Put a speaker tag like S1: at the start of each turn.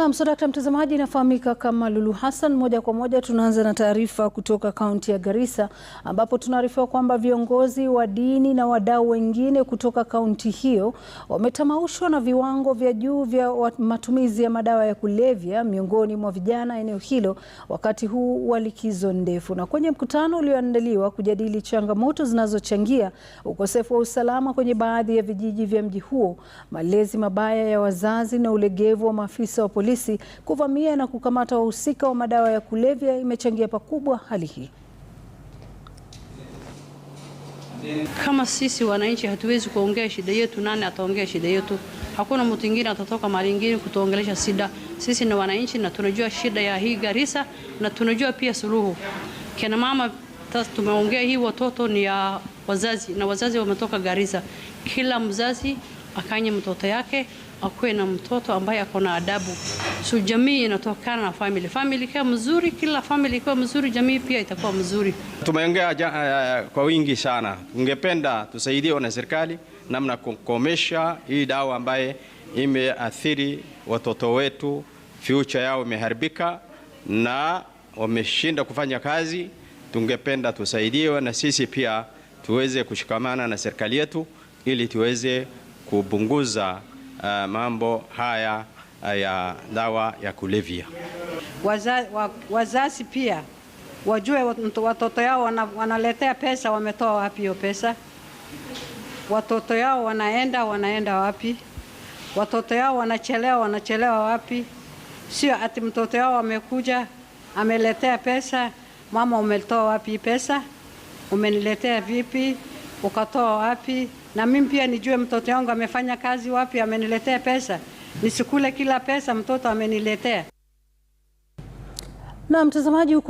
S1: Naam, Sodakta mtazamaji, inafahamika kama Lulu Hassan. Moja kwa moja tunaanza na taarifa kutoka kaunti ya Garissa ambapo tunaarifiwa kwamba viongozi wa dini na wadau wengine kutoka kaunti hiyo wametamaushwa na viwango vya juu vya matumizi ya madawa ya kulevya miongoni mwa vijana eneo hilo wakati huu wa likizo ndefu. Na kwenye mkutano ulioandaliwa kujadili changamoto zinazochangia ukosefu wa usalama kwenye baadhi ya vijiji vya mji huo, malezi mabaya ya wazazi na ulegevu wa maafisa wa polisi polisi kuvamia na kukamata wahusika wa madawa ya kulevya imechangia pakubwa hali hii.
S2: Kama sisi wananchi hatuwezi kuongea shida yetu, nani ataongea shida yetu? Hakuna mtu mwingine atatoka mali nyingine kutuongelesha shida. Sisi ni wananchi na tunajua shida ya hii Garissa na tunajua pia suluhu. Kina mama tumeongea hii, watoto ni ya wazazi na wazazi wametoka Garissa. Kila mzazi akanye mtoto yake akuwe na mtoto ambaye ako na adabu. So jamii inatokana na family. Family ikiwa mzuri, kila family ikiwa mzuri, jamii pia itakuwa mzuri.
S3: Tumeongea uh, kwa wingi sana. Tungependa tusaidiwe na serikali namna kukomesha hii dawa ambaye imeathiri watoto wetu, future yao imeharibika na wameshinda kufanya kazi. Tungependa tusaidiwe na sisi pia tuweze kushikamana na serikali yetu ili tuweze kupunguza uh, eh, mambo haya. Eh, ya dawa ya kulevya.
S4: Wazazi wa, wazazi pia wajue watoto yao wana, wanaletea pesa, wametoa wapi hiyo pesa? Watoto yao wanaenda wanaenda wapi? Watoto yao wanachelewa wanachelewa wapi? Sio ati mtoto yao amekuja ameletea pesa, mama, umetoa wapi pesa? Umeniletea vipi? Ukatoa wapi? Na mimi pia nijue mtoto yangu amefanya kazi wapi, ameniletea pesa nisikule kila pesa mtoto ameniletea. Na mtazamaji